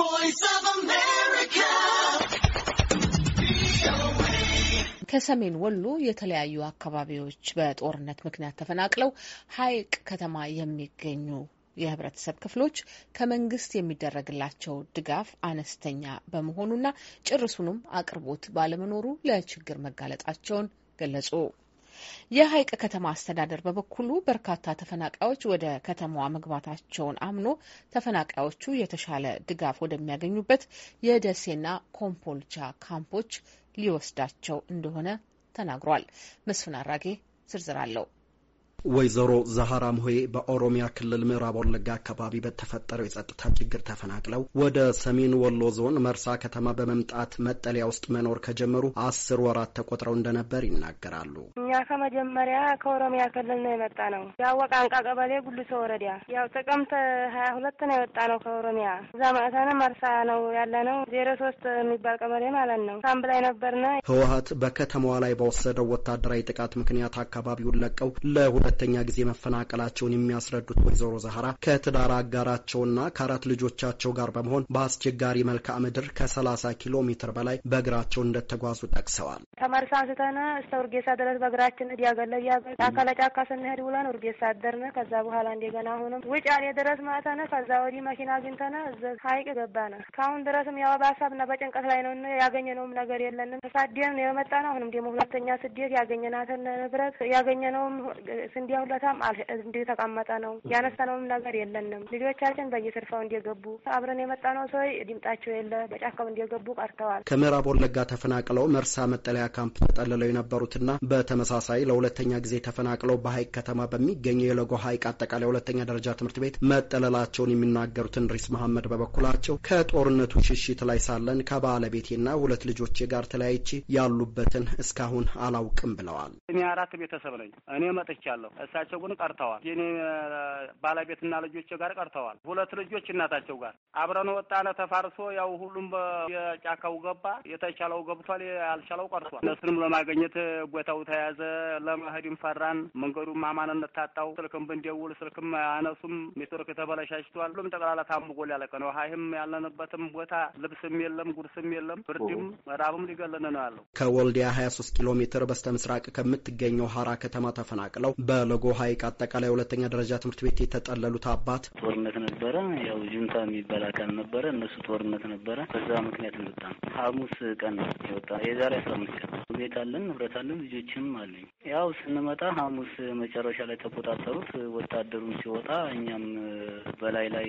voice of America. ከሰሜን ወሎ የተለያዩ አካባቢዎች በጦርነት ምክንያት ተፈናቅለው ሀይቅ ከተማ የሚገኙ የህብረተሰብ ክፍሎች ከመንግስት የሚደረግላቸው ድጋፍ አነስተኛ በመሆኑና ጭርሱንም አቅርቦት ባለመኖሩ ለችግር መጋለጣቸውን ገለጹ። የሀይቅ ከተማ አስተዳደር በበኩሉ በርካታ ተፈናቃዮች ወደ ከተማዋ መግባታቸውን አምኖ ተፈናቃዮቹ የተሻለ ድጋፍ ወደሚያገኙበት የደሴና ኮምፖልቻ ካምፖች ሊወስዳቸው እንደሆነ ተናግሯል። መስፍን አራጌ ዝርዝር አለው። ወይዘሮ ዛሃራ ምሆዬ በኦሮሚያ ክልል ምዕራብ ወለጋ አካባቢ በተፈጠረው የጸጥታ ችግር ተፈናቅለው ወደ ሰሜን ወሎ ዞን መርሳ ከተማ በመምጣት መጠለያ ውስጥ መኖር ከጀመሩ አስር ወራት ተቆጥረው እንደነበር ይናገራሉ። ከመጀመሪያ ከኦሮሚያ ክልል ነው የመጣ ነው። ያወቅ አንቃ ቀበሌ ጉልሶ ወረዳ ያው ጥቅምት ሀያ ሁለት ነው የወጣ ነው ከኦሮሚያ። እዛ መእተንም መርሳ ነው ያለ ነው ዜሮ ሶስት የሚባል ቀበሌ ማለት ነው። ሳምብ ላይ ነበርና ህወሀት በከተማዋ ላይ በወሰደው ወታደራዊ ጥቃት ምክንያት አካባቢውን ለቀው ለሁለተኛ ጊዜ መፈናቀላቸውን የሚያስረዱት ወይዘሮ ዛህራ ከትዳር አጋራቸውና ከአራት ልጆቻቸው ጋር በመሆን በአስቸጋሪ መልክዓ ምድር ከሰላሳ ኪሎ ሜትር በላይ በእግራቸው እንደተጓዙ ጠቅሰዋል። ከመርሳ አንስተነ እስተ ውርጌሳ ድረስ በእግራ ሀገራችን እዲያገለ እያገ ጫካ ለጫካ ስንሄድ ውለን ውርጌሳ አደርነ። ከዛ በኋላ እንደገና አሁንም ውጫሌ ድረስ መተነ። ከዛ ወዲህ መኪና አግኝተነ እዘ ሀይቅ ገባነ። እስካሁን ድረስም ያው በሀሳብና በጭንቀት ላይ ነው። ያገኘነውም ነገር የለንም። ተሳደን የመጣ አሁንም ደግሞ ሁለተኛ ስደት ያገኘናትን ንብረት ያገኘነውም ስንዴ ሁለታም እንደተቀመጠ ነው። ያነሳነውም ነገር የለንም። ልጆቻችን በየስርፋው እንደገቡ አብረን የመጣ ነው ሰው ድምጣቸው የለ በጫካው እንደገቡ ቀርተዋል። ከምዕራብ ወለጋ ተፈናቅለው መርሳ መጠለያ ካምፕ ተጠልለው የነበሩትና በተመሳ በተመሳሳይ ለሁለተኛ ጊዜ ተፈናቅለው በሀይቅ ከተማ በሚገኘው የለጎ ሀይቅ አጠቃላይ ሁለተኛ ደረጃ ትምህርት ቤት መጠለላቸውን የሚናገሩትን ሪስ መሐመድ በበኩላቸው ከጦርነቱ ሽሽት ላይ ሳለን ከባለቤቴና ሁለት ልጆቼ ጋር ተለያይቼ ያሉበትን እስካሁን አላውቅም ብለዋል። እኔ አራት ቤተሰብ ነኝ። እኔ መጥቻለሁ። እሳቸው ግን ቀርተዋል። የኔ ባለቤትና ልጆቼ ጋር ቀርተዋል። ሁለት ልጆች እናታቸው ጋር አብረን ወጣነ። ተፋርሶ ያው ሁሉም የጫካው ገባ። የተቻለው ገብቷል፣ ያልቻለው ቀርቷል። እነሱንም ለማግኘት ጎታው ተያዘ። ተያዘ፣ ለመሄድም ፈራን። መንገዱም አማንነት ታጣው። ስልክም ብንደውል ስልክም አያነሱም። ኔትወርክ ተበላሻሽቷል። ሁሉም ጠቅላላ ታምጎል ያለቀ ነው። ሀይህም ያለንበትም ቦታ ልብስም የለም፣ ጉርስም የለም፣ ብርድም ራብም ሊገለን ነው ያለው። ከወልዲያ 23 ኪሎ ሜትር በስተ ምስራቅ ከምትገኘው ሀራ ከተማ ተፈናቅለው በለጎ ሀይቅ አጠቃላይ ሁለተኛ ደረጃ ትምህርት ቤት የተጠለሉት አባት ጦርነት ነበረ። ያው ጁንታ የሚባል አካል ነበረ። እነሱ ጦርነት ነበረ። በዛ ምክንያት እንወጣ ሐሙስ ቀን ነው የወጣ የዛሬ አስራ አምስት ቀን ቤት አለን ንብረት አለን ልጆችም አለኝ። ያው ስንመጣ ሐሙስ መጨረሻ ላይ ተቆጣጠሩት። ወታደሩም ሲወጣ እኛም በላይ ላይ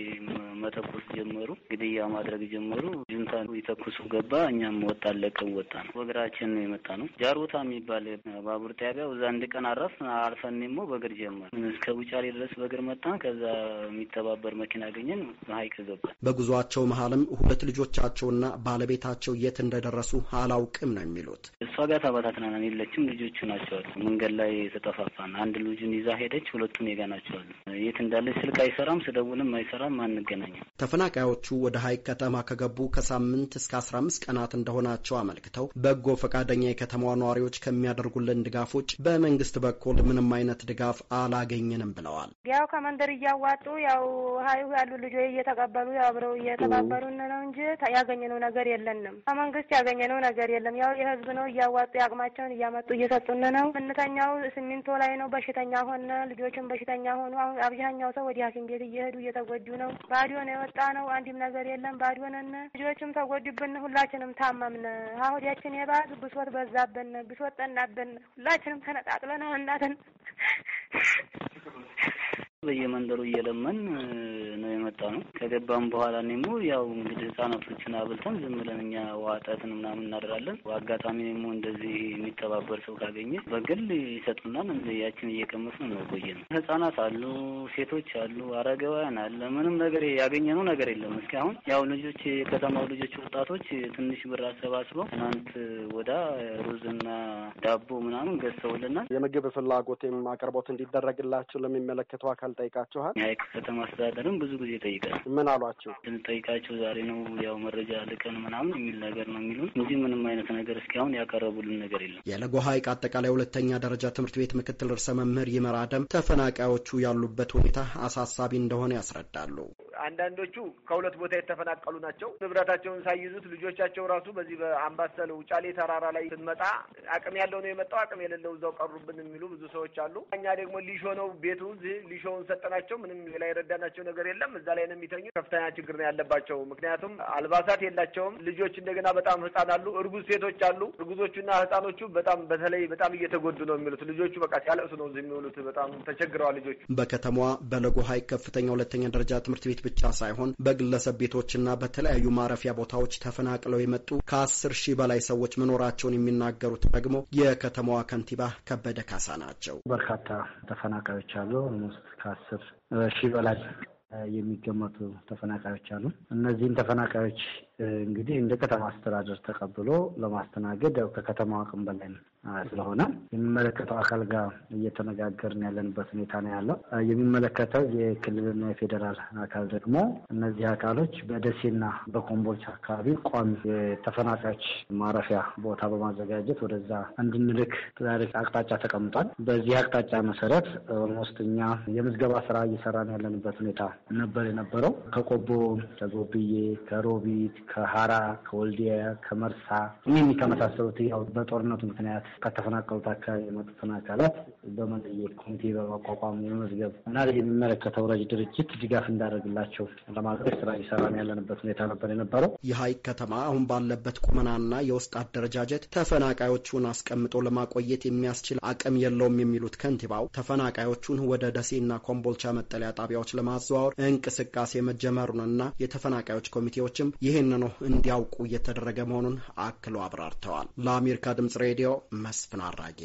መተኮስ ጀመሩ፣ ግድያ ማድረግ ጀመሩ። ስንታን ይተኩሱ ገባ። እኛም ወጣ ለቀን ወጣ ነው በእግራችን ነው የመጣ ነው። ጃሩታ የሚባል ባቡር ጣቢያ እዛ አንድ ቀን አረፍ አልፈን ሞ በእግር ጀመር እስከ ቡጫሌ ድረስ በእግር መጣን። ከዛ የሚተባበር መኪና አገኘን፣ ሀይቅ ገባ። በጉዟቸው መሀልም ሁለት ልጆቻቸውና ባለቤታቸው የት እንደደረሱ አላውቅም ነው የሚሉት። እሷ ጋር ተበታትናናን የለችም፣ ልጆቹ ናቸዋል። መንገድ ላይ ተጠፋፋን። አንድ ልጁን ይዛ ሄደች፣ ሁለቱም ጋ ናቸዋል። የት እንዳለች ስልክ አይሰራም፣ ስደውልም አይሰራም፣ አንገናኝም። ተፈናቃዮቹ ወደ ሀይቅ ከተማ ከገቡ ከሰ ሳምንት እስከ 15 ቀናት እንደሆናቸው አመልክተው በጎ ፈቃደኛ የከተማዋ ነዋሪዎች ከሚያደርጉልን ድጋፎች በመንግስት በኩል ምንም አይነት ድጋፍ አላገኘንም ብለዋል። ያው ከመንደር እያዋጡ ያው ሀይሁ ያሉ ልጆች እየተቀበሉ አብረው እየተባበሩን ነው እንጂ ያገኘነው ነገር የለንም። ከመንግስት ያገኘነው ነገር የለም። ያው የህዝብ ነው እያዋጡ የአቅማቸውን እያመጡ እየሰጡን ነው። ምንተኛው ስሚንቶ ላይ ነው። በሽተኛ ሆነ ልጆችን በሽተኛ ሆኑ። አሁን አብዛኛው ሰው ወደ ሐኪም ቤት እየሄዱ እየተጎዱ ነው። ባዶ ነው የወጣ ነው። አንድም ነገር የለም። ባዶ ነን። ልጆች ሁላችንም ተጎዱብን፣ ሁላችንም ታመምን አሁዳችን የባህል ብሶት በዛብን፣ ብሶት ጠናብን። ሁላችንም ተነጣጥለን አናትን በየመንደሩ እየለመን ነው የመጣ ነው። ከገባም በኋላ ኔሞ ያው እንግዲህ ህጻናቶችን አብልተን ዝም ብለን እኛ ዋጠትን ምናምን እናደራለን። አጋጣሚ ሞ እንደዚህ የሚተባበር ሰው ካገኘ በግል ይሰጡናል። እንደያችን እየቀመስ ነው ቆየ ነው። ህጻናት አሉ፣ ሴቶች አሉ፣ አረጋውያን አለ። ምንም ነገር ያገኘነው ነገር የለም እስኪ አሁን። ያው ልጆች የከተማው ልጆች ወጣቶች ትንሽ ብር አሰባስበው ትናንት ወዳ ሩዝና ዳቦ ምናምን ገዝተውልናል። የምግብ ፍላጎት አቅርቦት እንዲደረግላቸው ለሚመለከተው አካል ቀን ጠይቃችኋል? የከተማ አስተዳደርም ብዙ ጊዜ ጠይቀን ምን አሏቸው? ስንጠይቃቸው ዛሬ ነው ያው መረጃ ልቀን ምናምን የሚል ነገር ነው የሚሉን እንጂ ምንም አይነት ነገር እስኪሁን ያቀረቡልን ነገር የለም። የለጎ ሐይቅ አጠቃላይ ሁለተኛ ደረጃ ትምህርት ቤት ምክትል ርዕሰ መምህር ይመራደም ተፈናቃዮቹ ያሉበት ሁኔታ አሳሳቢ እንደሆነ ያስረዳሉ። አንዳንዶቹ ከሁለት ቦታ የተፈናቀሉ ናቸው። ንብረታቸውን ሳይይዙት ልጆቻቸው ራሱ በዚህ በአምባሰል ውጫሌ ተራራ ላይ ስንመጣ አቅም ያለው ነው የመጣው፣ አቅም የሌለው እዛው ቀሩብን የሚሉ ብዙ ሰዎች አሉ። እኛ ደግሞ ሊሾ ነው ቤቱ፣ እዚህ ሊሾውን ሰጠናቸው። ምንም ላይ የረዳናቸው ነገር የለም። እዛ ላይ ነው የሚተኙ። ከፍተኛ ችግር ነው ያለባቸው። ምክንያቱም አልባሳት የላቸውም። ልጆች እንደገና በጣም ህጻን አሉ፣ እርጉዝ ሴቶች አሉ። እርጉዞቹና ህጻኖቹ በጣም በተለይ በጣም እየተጎዱ ነው የሚሉት። ልጆቹ በቃ ሲያለቅሱ ነው እዚህ የሚውሉት። በጣም ተቸግረዋል ልጆቹ። በከተማዋ በለጎ ሀይቅ ከፍተኛ ሁለተኛ ደረጃ ትምህርት ቤት ብቻ ሳይሆን በግለሰብ ቤቶችና በተለያዩ ማረፊያ ቦታዎች ተፈናቅለው የመጡ ከአስር ሺህ በላይ ሰዎች መኖራቸውን የሚናገሩት ደግሞ የከተማዋ ከንቲባ ከበደ ካሳ ናቸው። በርካታ ተፈናቃዮች አሉ። ከአስር ሺህ በላይ የሚገመቱ ተፈናቃዮች አሉ። እነዚህን ተፈናቃዮች እንግዲህ እንደ ከተማ አስተዳደር ተቀብሎ ለማስተናገድ ያው ከከተማ አቅም በላይ ስለሆነ የሚመለከተው አካል ጋር እየተነጋገርን ያለንበት ሁኔታ ነው ያለው። የሚመለከተው የክልልና የፌዴራል አካል ደግሞ እነዚህ አካሎች በደሴና በኮምቦልቻ አካባቢ ቋሚ የተፈናቃዮች ማረፊያ ቦታ በማዘጋጀት ወደዛ እንድንልክ አቅጣጫ ተቀምጧል። በዚህ አቅጣጫ መሰረት ኦልሞስት እኛ የምዝገባ ስራ እየሰራን ያለንበት ሁኔታ ነበር የነበረው ከቆቦ ከጎብዬ ከሮቢት ከሀራ፣ ከወልዲያ፣ ከመርሳ እኒህ ከመሳሰሉት ያው በጦርነቱ ምክንያት ከተፈናቀሉት አካባቢ የመጡትን አካላት በመለየት ኮሚቴ በማቋቋም የመዝገብ እና የሚመለከተው ረጅ ድርጅት ድጋፍ እንዳደረግላቸው ለማድረግ ስራ እየሰራን ያለንበት ሁኔታ ነበር የነበረው። የሀይቅ ከተማ አሁን ባለበት ቁመናና የውስጥ አደረጃጀት ተፈናቃዮቹን አስቀምጦ ለማቆየት የሚያስችል አቅም የለውም የሚሉት ከንቲባው ተፈናቃዮቹን ወደ ደሴና ኮምቦልቻ መጠለያ ጣቢያዎች ለማዘዋወር እንቅስቃሴ መጀመሩንና የተፈናቃዮች ኮሚቴዎችም ይህን ተገንኖ እንዲያውቁ እየተደረገ መሆኑን አክሎ አብራርተዋል። ለአሜሪካ ድምጽ ሬዲዮ መስፍን አራጌ